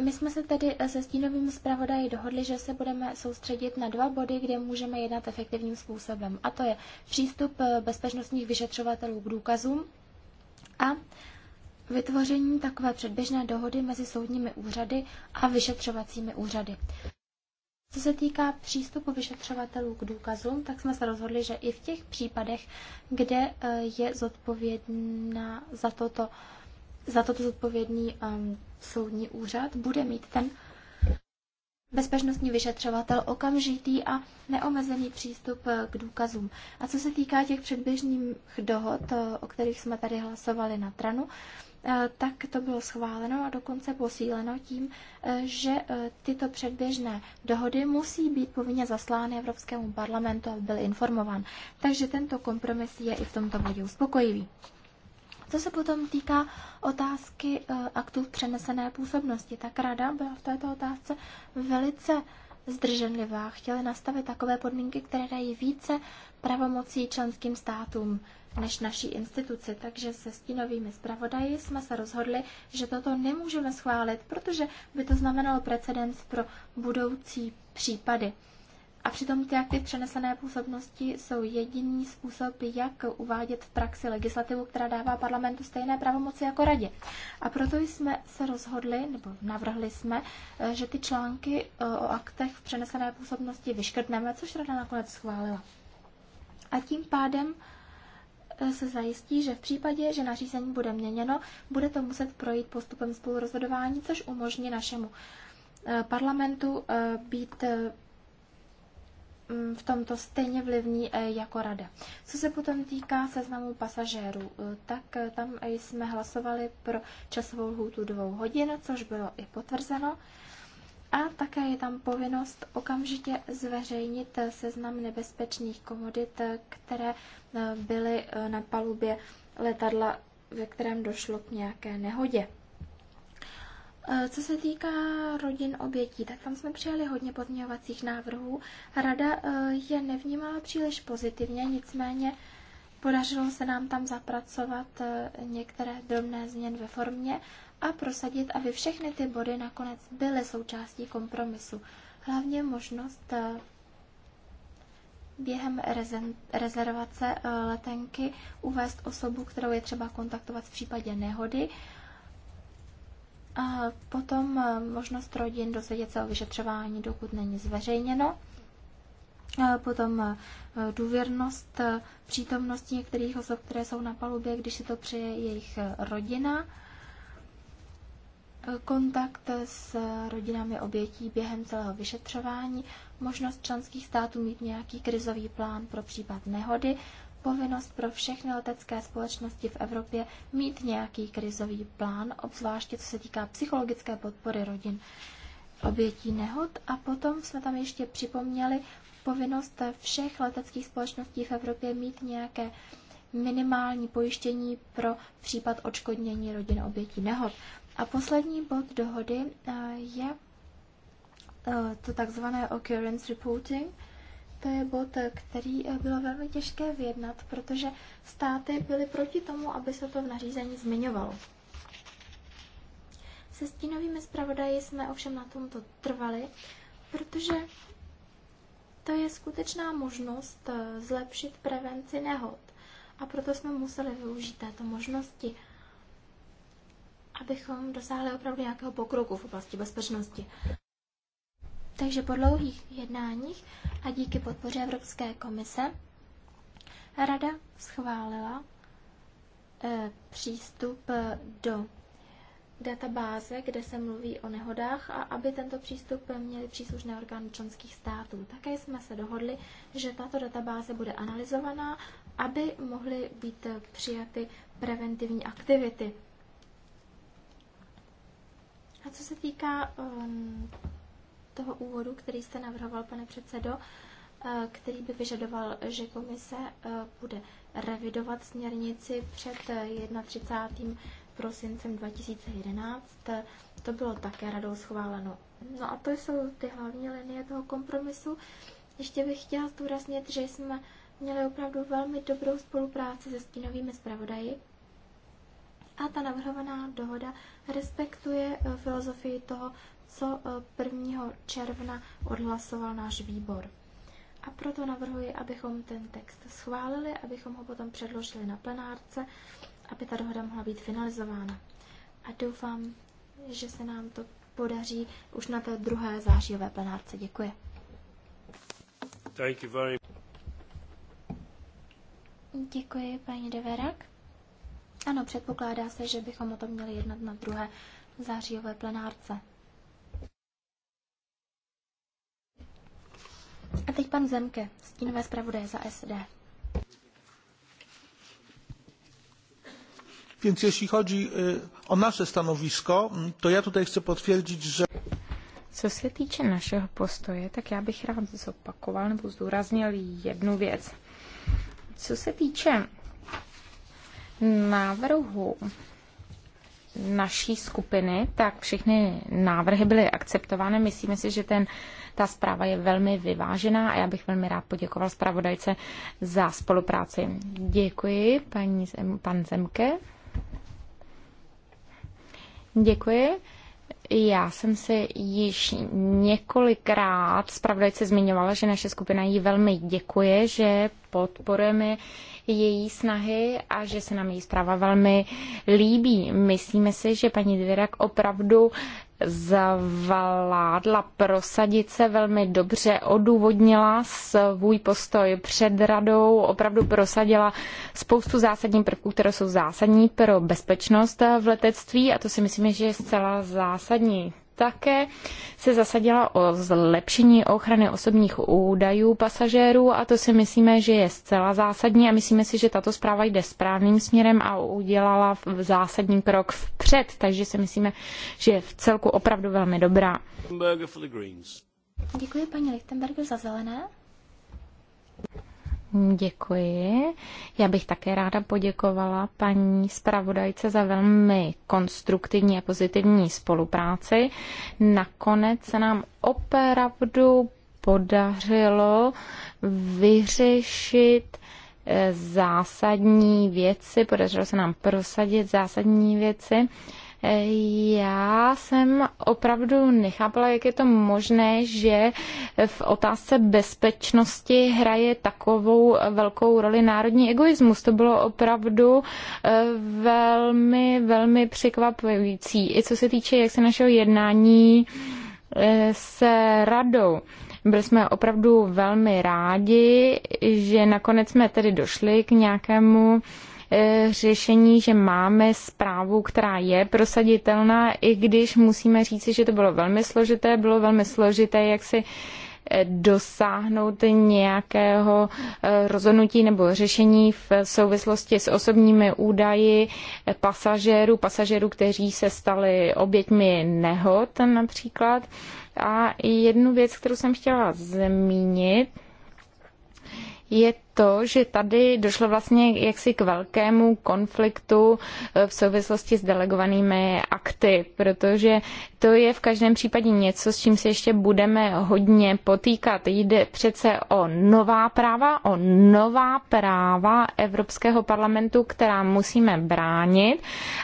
My jsme se tedy eh, se stínovým zpravodají dohodli, že se budeme soustředit na dva body, kde můžeme jednat efektivním způsobem. A to je přístup eh, bezpečnostních vyšetřovatelů k důkazům a vytvoření takové předběžné dohody mezi soudními úřady a vyšetřovacími úřady. Co se týká přístupu vyšetřovatelů k důkazům, tak jsme se rozhodli, že i v těch případech, kde eh, je zodpovědná za toto za toto zodpovědný um, soudní úřad bude mít ten bezpečnostní vyšetřovatel okamžitý a neomezený přístup eh, k důkazům. A co se týká těch předběžných dohod, eh, o kterých jsme tady hlasovali na Tranu, eh, tak to bylo schváleno a dokonce posíleno tím, že tyto předběžné dohody musí být povinně zaslány Evropskému parlamentu, aby byl informován. Takže tento kompromis je i v tomto bodě uspokojivý. Co se potom týká otázky eh, aktů přenesené působnosti, tak rada byla v této otázce velice zdrženlivá. Chtěli nastavit takové podmínky, které dají více pravomocí členským státům než naší instituci. Takže se stínovými zpravodaji jsme se rozhodli, že toto nemůžeme schválit, protože by to znamenalo precedens pro budoucí případy. A přitom ty akty přenesené působnosti jsou jediný způsob, jak uvádět v praxi legislativu, která dává parlamentu stejné pravomoci jako radě. A proto jsme se rozhodli, nebo navrhli jsme, eh, že ty články eh, o aktech v přenesené působnosti vyškrtneme, což rada nakonec schválila. A tím pádem eh, se zajistí, že v případě, že nařízení bude měněno, bude to muset projít postupem spolurozhodování, což umožní našemu parlamentu být Mm, v tomto stejně vlivní e, jako rada. Co se potom týká seznamu pasažérů, e, tak e, tam jsme hlasovali pro časovou lhůtu dvou hodin, což bylo i potvrzeno. A také je tam povinnost okamžitě zveřejnit seznam nebezpečných komodit, které byly na palubě letadla, ve kterém došlo k nějaké nehodě. Eh, co se týká rodin obětí, tak tam jsme přijali hodně pozměňovacích návrhů. Rada eh, je nevnímala příliš pozitivně, nicméně podařilo se nám tam zapracovat eh, některé drobné změny ve formě a prosadit, aby všechny ty body nakonec byly součástí kompromisu. Hlavně možnost během rezervace letenky uvést osobu, kterou je třeba kontaktovat v případě nehody a potom e, možnost rodin dozvědět se o vyšetřování, dokud není zveřejněno. Potom e, důvěrnost e, přítomnosti některých osob, které jsou na palubě, když si to přeje jejich rodina. Kontakt s rodinami obětí během celého vyšetřování, možnost členských států mít nějaký krizový plán pro případ nehody, povinnost pro všechny letecké společnosti v Evropě mít nějaký krizový plán, obzvláště co se týká psychologické podpory rodin obětí nehod. A potom jsme tam ještě připomněli povinnost všech leteckých společností v Evropě mít nějaké minimální pojištění pro případ odškodnění rodin obětí nehod. A poslední bod dohody eh, je eh, to takzvané occurrence reporting, to je bod, který eh, bylo velmi těžké vyjednat, protože státy byly proti tomu, aby se to v nařízení zmiňovalo. Se stínovými zpravodaji jsme ovšem na tomto trvali, protože to je skutečná možnost eh, zlepšit prevenci nehod. A proto jsme museli využít této možnosti, abychom dosáhli opravdu nějakého pokroku v oblasti bezpečnosti. Takže po dlouhých jednáních a díky podpoře Evropské komise Rada schválila e, přístup e, do databáze, kde se mluví o nehodách a aby tento přístup měly příslušné orgány členských států. Také jsme se dohodli, že tato databáze bude analyzovaná, aby mohly být přijaty preventivní aktivity. A co se týká um, toho úvodu, který jste navrhoval, pane předsedo, eh, který by vyžadoval, že komise eh, bude revidovat směrnici před 31. Eh, prosincem 2011. To bylo také radou schváleno. No a to jsou ty hlavní linie toho kompromisu. Ještě bych chtěla zdůraznit, že jsme měli opravdu velmi dobrou spolupráci se stínovými zpravodaji a ta navrhovaná dohoda respektuje filozofii toho co 1. Eh, června odhlasoval náš výbor. A proto navrhuji, abychom ten text schválili, abychom ho potom předložili na plenárce, aby ta dohoda mohla být finalizována. A doufám, že se nám to podaří už na té druhé zářijové plenárce. Děkuji. Thank you very... Děkuji, paní Deverak. Ano, předpokládá se, že bychom o tom měli jednat na druhé zářijové plenárce. A teď pan Zemke, stínové zpravodaje za SD. Więc jeśli chodzi o nasze stanowisko, to ja tutaj chcę potwierdzić, że... Co se týče našeho postoje, tak já bych rád zopakoval nebo zdůraznil jednu věc. Co se týče návrhu naší skupiny, tak všechny návrhy byly akceptovány. Myslíme si, že ten ta zpráva je velmi vyvážená a já bych velmi rád poděkoval zpravodajce za spolupráci. Děkuji, paní Zem, pan Zemke. Děkuji. Já jsem se již několikrát zpravodajce zmiňovala, že naše skupina jí velmi děkuje, že podporujeme její snahy a že se nám její zpráva velmi líbí. Myslíme si, že paní Dvěrak opravdu zavládla prosadit se velmi dobře, odůvodnila svůj postoj před radou, opravdu prosadila spoustu zásadních prvků, které jsou zásadní pro bezpečnost v letectví a to si myslím, že je zcela zásadní také se zasadila o zlepšení ochrany osobních údajů pasažérů a to si myslíme, že je zcela zásadní a myslíme si, že tato zpráva jde správným směrem a udělala zásadní krok vpřed, takže si myslíme, že je v celku opravdu velmi dobrá. Děkuji paní Lichtenberger za zelené. Děkuji. Já bych také ráda poděkovala paní zpravodajce za velmi konstruktivní a pozitivní spolupráci. Nakonec se nám opravdu podařilo vyřešit eh, zásadní věci, podařilo se nám prosadit zásadní věci já jsem opravdu nechápala, jak je to možné, že v otázce bezpečnosti hraje takovou velkou roli národní egoismus. To bylo opravdu eh, velmi, velmi překvapující. I co se týče, jak se našeho jednání eh, s radou. Byli jsme opravdu velmi rádi, že nakonec jsme tedy došli k nějakému E, řešení, že máme zprávu, která je prosaditelná, i když musíme říci, že to bylo velmi složité, bylo velmi složité, jak si e, dosáhnout nějakého e, rozhodnutí nebo řešení v souvislosti s osobními údaji pasažérů, pasažérů, kteří se stali oběťmi nehod například. A jednu věc, kterou jsem chtěla zmínit, je to, že tady došlo vlastně jaksi k velkému konfliktu eh, v souvislosti s delegovanými akty, protože to je v každém případě něco, s čím se ještě budeme hodně potýkat. Jde přece o nová práva, o nová práva Evropského parlamentu, která musíme bránit.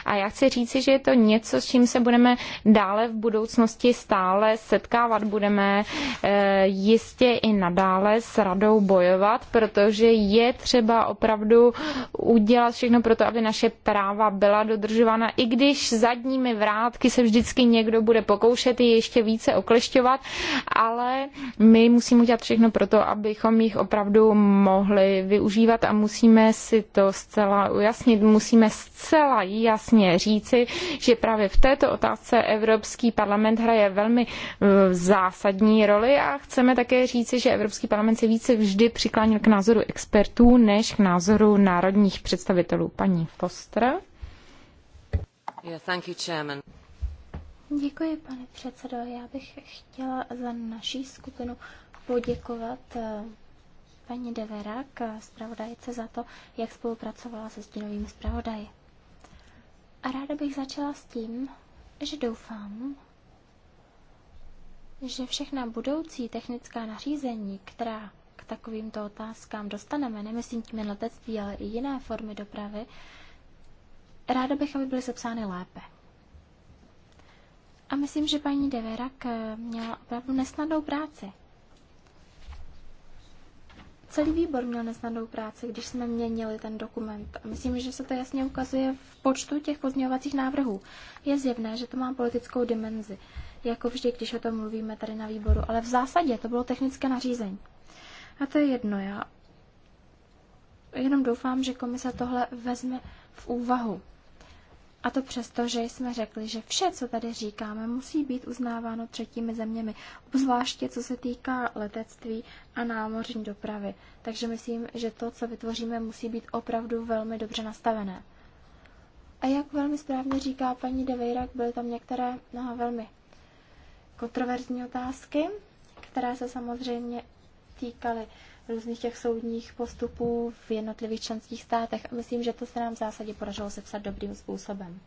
A já chci říci, že je to něco, s čím se budeme dále v budoucnosti stále setkávat. Budeme eh, jistě i nadále s radou bojovat, protože že je třeba opravdu udělat všechno pro to, aby naše práva byla dodržována, i když zadními vrátky se vždycky někdo bude pokoušet je ještě více oklešťovat, ale my musíme udělat všechno pro to, abychom jich opravdu mohli využívat a musíme si to zcela ujasnit, musíme zcela jasně říci, že právě v této otázce Evropský parlament hraje velmi eh, zásadní roli a chceme také říci, že Evropský parlament se více vždy přiklánil k názoru expertů než k názoru národních představitelů. Paní Foster. Yeah, thank you, chairman. Děkuji, pane předsedo. Já bych chtěla za naší skupinu poděkovat eh, paní Deverak, eh, zpravodajce, za to, jak spolupracovala se stínovými zpravodaji. A ráda bych začala s tím, že doufám, že všechna budoucí technická nařízení, která takovýmto otázkám dostaneme, nemyslím tím jen letectví, ale i jiné formy dopravy, ráda bych, aby byly sepsány lépe. A myslím, že paní Deverak eh, měla opravdu nesnadnou práci. Celý výbor měl nesnadnou práci, když jsme měnili ten dokument. A myslím, že se to jasně ukazuje v počtu těch pozměňovacích návrhů. Je zjevné, že to má politickou dimenzi, jako vždy, když o tom mluvíme tady na výboru. Ale v zásadě to bylo technické nařízení. A to je jedno, já jenom doufám, že komise tohle vezme v úvahu. A to přesto, že jsme řekli, že vše, co tady říkáme, musí být uznáváno třetími zeměmi, obzvláště co se týká letectví a námořní dopravy. Takže myslím, že to, co vytvoříme, musí být opravdu velmi dobře nastavené. A jak velmi správně říká paní De Vejrak, byly tam některé no, velmi kontroverzní otázky, které se samozřejmě týkaly různých těch soudních postupů v jednotlivých členských státech a myslím, že to se nám v zásadě podařilo sepsat dobrým způsobem.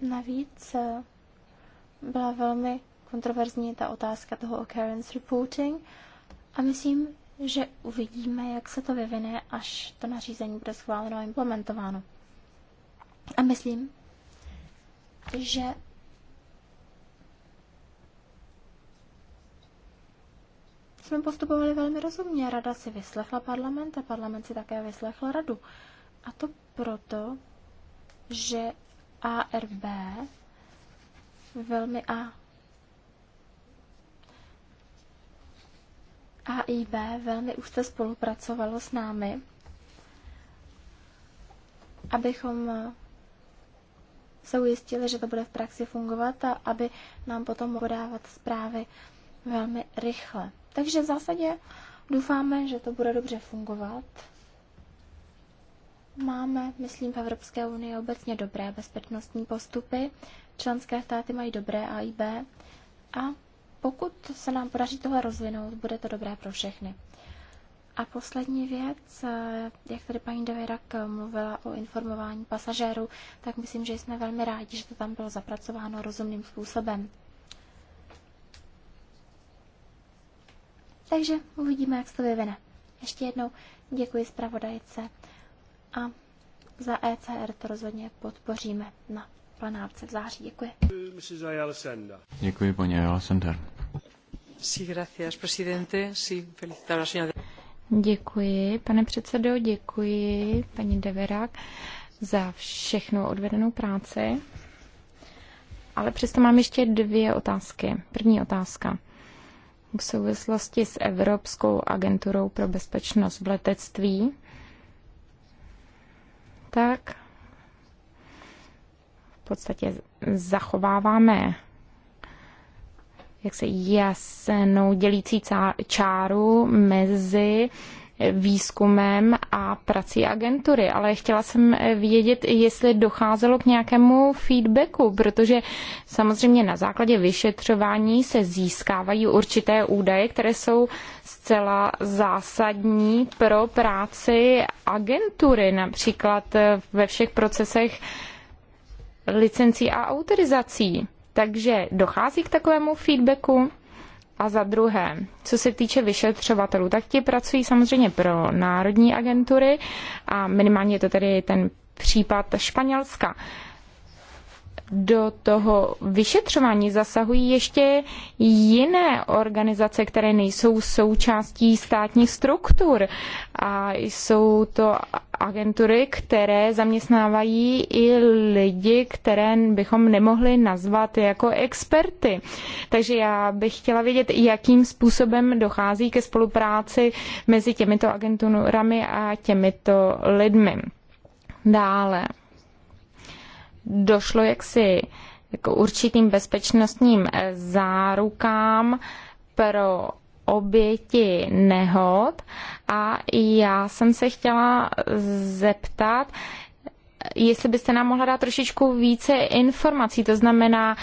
Navíc eh, byla velmi kontroverzní ta otázka toho occurrence reporting a myslím, že uvidíme, jak se to vyvine, až to nařízení bude schváleno a implementováno. A myslím, že jsme postupovali velmi rozumně. Rada si vyslechla parlament a parlament si také vyslechl radu. A to proto, že ARB velmi A. AIB velmi už se spolupracovalo s námi, abychom se ujistili, že to bude v praxi fungovat a aby nám potom mohli dávat zprávy velmi rychle. Takže v zásadě doufáme, že to bude dobře fungovat. Máme, myslím, v Evropské unii obecně dobré bezpečnostní postupy. Členské státy mají dobré B. a pokud se nám podaří tohle rozvinout, bude to dobré pro všechny. A poslední věc, eh, jak tady paní Devirak mluvila o informování pasažérů, tak myslím, že jsme velmi rádi, že to tam bylo zapracováno rozumným způsobem. Takže uvidíme, jak se to vyvine. Ještě jednou děkuji zpravodajce a za ECR to rozhodně podpoříme na plenárce v září. Děkuji. Děkuji, paní Alessandra. Sí, gracias, presidente. Sí, felicitar a la señora Děkuji, pane předsedo, děkuji paní Deverák za všechnu odvedenou práci. Ale přesto mám ještě dvě otázky. První otázka. V souvislosti s Evropskou agenturou pro bezpečnost v letectví, tak v podstatě zachováváme jak se jasnou dělící čáru mezi výzkumem a prací agentury, ale chtěla jsem vědět, jestli docházelo k nějakému feedbacku, protože samozřejmě na základě vyšetřování se získávají určité údaje, které jsou zcela zásadní pro práci agentury, například ve všech procesech licencí a autorizací. Takže dochází k takovému feedbacku. A za druhé, co se týče vyšetřovatelů, tak ti pracují samozřejmě pro národní agentury a minimálně je to tedy ten případ Španělska do toho vyšetřování zasahují ještě jiné organizace, které nejsou součástí státních struktur. A jsou to agentury, které zaměstnávají i lidi, které bychom nemohli nazvat jako experty. Takže já bych chtěla vědět, jakým způsobem dochází ke spolupráci mezi těmito agenturami a těmito lidmi. Dále došlo jaksi jako určitým bezpečnostním eh, zárukám pro oběti nehod a já jsem se chtěla zeptat, jestli byste nám mohla dát trošičku více informací, to znamená,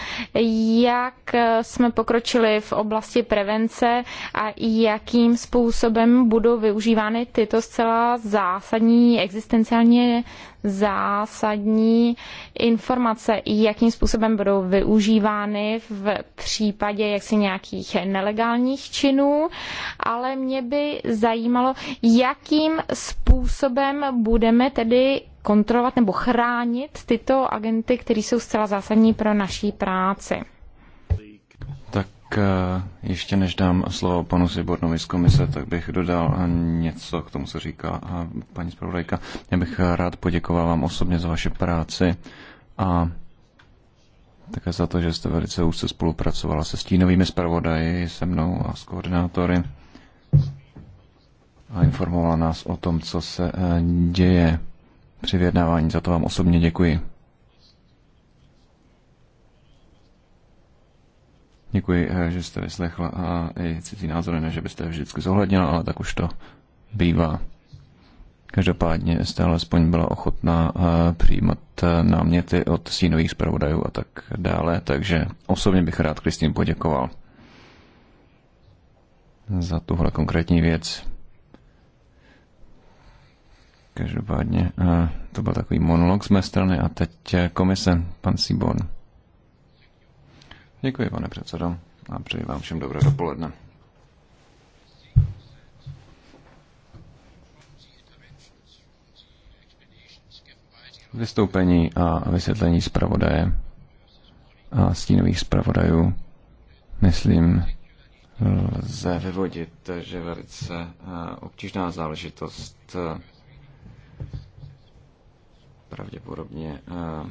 jak jsme pokročili v oblasti prevence a jakým způsobem budou využívány tyto zcela zásadní, existenciálně zásadní informace, jakým způsobem budou využívány v případě jaksi nějakých nelegálních činů, ale mě by zajímalo, jakým způsobem budeme tedy kontrolovat nebo chránit tyto agenty, které jsou zcela zásadní pro naší práci. Tak eh, ještě než dám slovo panu Sibornovi z komise, tak bych dodal eh, něco k tomu, co říká eh, paní zpravodajka. Já bych rád poděkoval vám osobně za vaše práci a také za to, že jste velice úzce spolupracovala se stínovými zpravodaji, se mnou a s koordinátory a informovala nás o tom, co se děje při vyjednávání. Za to vám osobně děkuji. Děkuji, eh, že jste vyslechla a eh, i cizí názory, ne, že byste vždycky zohlednila, ale tak už to bývá. Každopádně jste alespoň byla ochotná eh, přijímat náměty od sínových zpravodajů a tak dále, takže osobně bych rád Kristýn poděkoval za tuhle konkrétní věc. Každopádně eh, to byl takový monolog z mé strany a teď eh, komise, pan Sibon. Děkuji, pane předsedo, a přeji vám všem dobré dopoledne. Vystoupení a vysvětlení zpravodaje a stínových zpravodajů, myslím, lze vyvodit, že velice eh, obtížná záležitost pravděpodobně eh,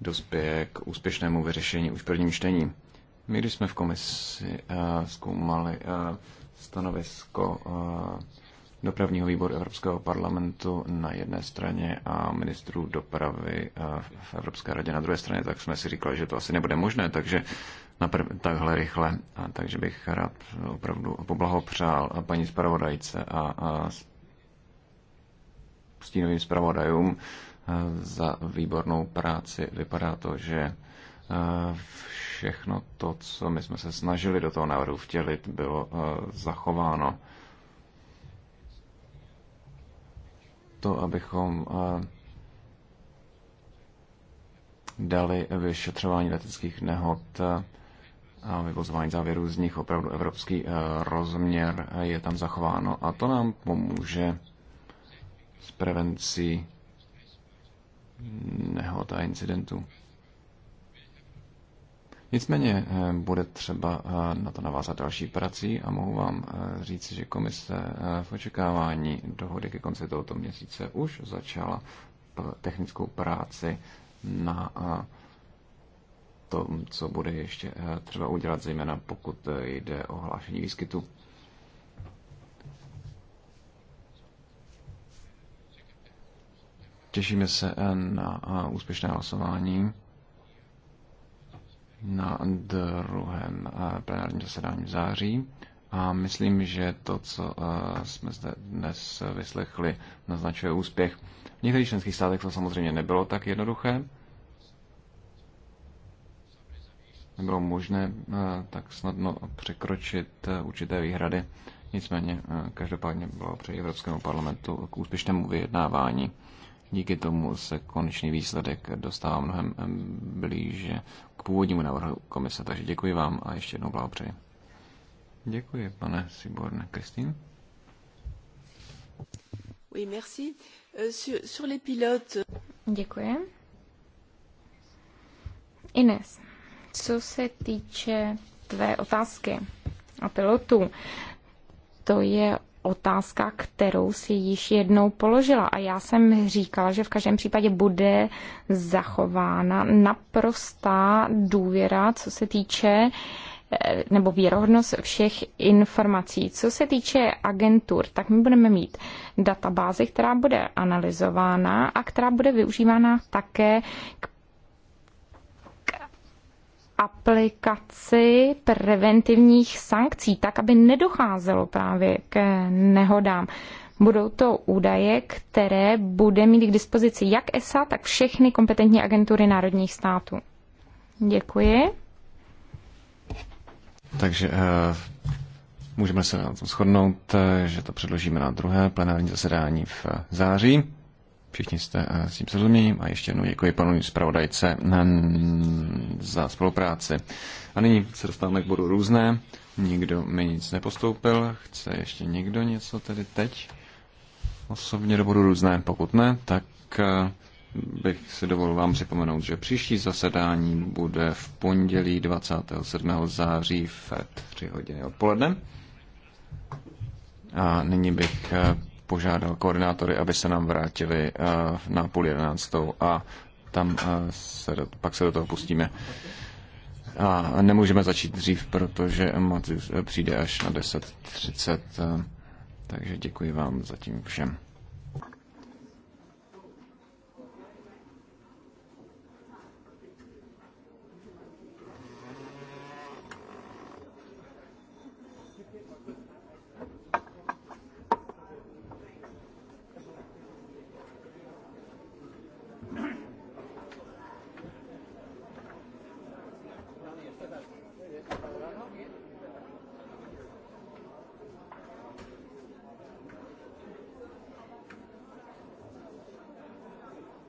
dospěje k úspěšnému vyřešení už v prvním čtení. My, když jsme v komisi eh, zkoumali eh, stanovisko dopravního výboru Evropského parlamentu na jedné straně a ministrů dopravy v Evropské radě na druhé straně, tak jsme si říkali, že to asi nebude možné, takže naprv, takhle rychle. A takže bych rád opravdu poblahopřál paní zpravodajce a, a stínovým zpravodajům eh, za výbornou práci. Vypadá to, že eh, všechno to, co my jsme se snažili do toho návrhu vtělit, bylo eh, zachováno. To, abychom dali vyšetřování leteckých nehod a vyvozování závěrů z nich opravdu evropský rozměr je tam zachováno a to nám pomůže s prevencí nehod a incidentů. Nicméně eh, bude třeba eh, na to navázat další prací a mohu vám eh, říct, že komise v očekávání dohody ke konci tohoto měsíce už začala technickou práci na tom, co bude ještě třeba udělat, zejména pokud jde o hlášení výskytu. Těšíme se eh, na eh, úspěšné hlasování na druhém eh, plenárním zasedání v září. A myslím, že to, co jsme zde dnes vyslechli, naznačuje úspěch. V některých členských státech to samozřejmě nebylo tak jednoduché. Nebylo možné tak snadno překročit určité výhrady. Nicméně každopádně bylo při Evropskému parlamentu k úspěšnému vyjednávání. Díky tomu se konečný výsledek dostává mnohem blíže k původnímu návrhu komise. Takže děkuji vám a ještě jednou blahopřeji. Děkuji, pane Siborne. Kristýn? Oui, merci. Euh, sur, sur les pilotes... Děkuji. Ines, co se týče tvé otázky a pilotů, to je otázka, kterou si již jednou položila. A já jsem říkala, že v každém případě bude zachována naprostá důvěra, co se týče eh, nebo věrohodnost všech informací. Co se týče agentur, tak my budeme mít databázi, která bude analyzována a která bude využívána také k aplikaci preventivních sankcí, tak aby nedocházelo právě k nehodám. Budou to údaje, které bude mít k dispozici jak ESA, tak všechny kompetentní agentury národních států. Děkuji. Takže eh, můžeme se na tom shodnout, eh, že to předložíme na druhé plenární zasedání v eh, září. Všichni jste eh, s tím srozuměním a ještě jednou děkuji panu zpravodajce eh, za spolupráci. A nyní se dostáváme k bodu různé. Nikdo mi nic nepostoupil. Chce ještě někdo něco tedy teď? Osobně do bodu různé, pokud ne, tak eh, bych si dovolil vám připomenout, že příští zasedání bude v pondělí 27. září v 3 hodiny odpoledne. A nyní bych požádal koordinátory, aby se nám vrátili eh, na půl jedenáctou a tam eh, se do, pak se do toho pustíme. A nemůžeme začít dřív, protože Matius eh, přijde až na 10.30. Takže děkuji vám zatím všem.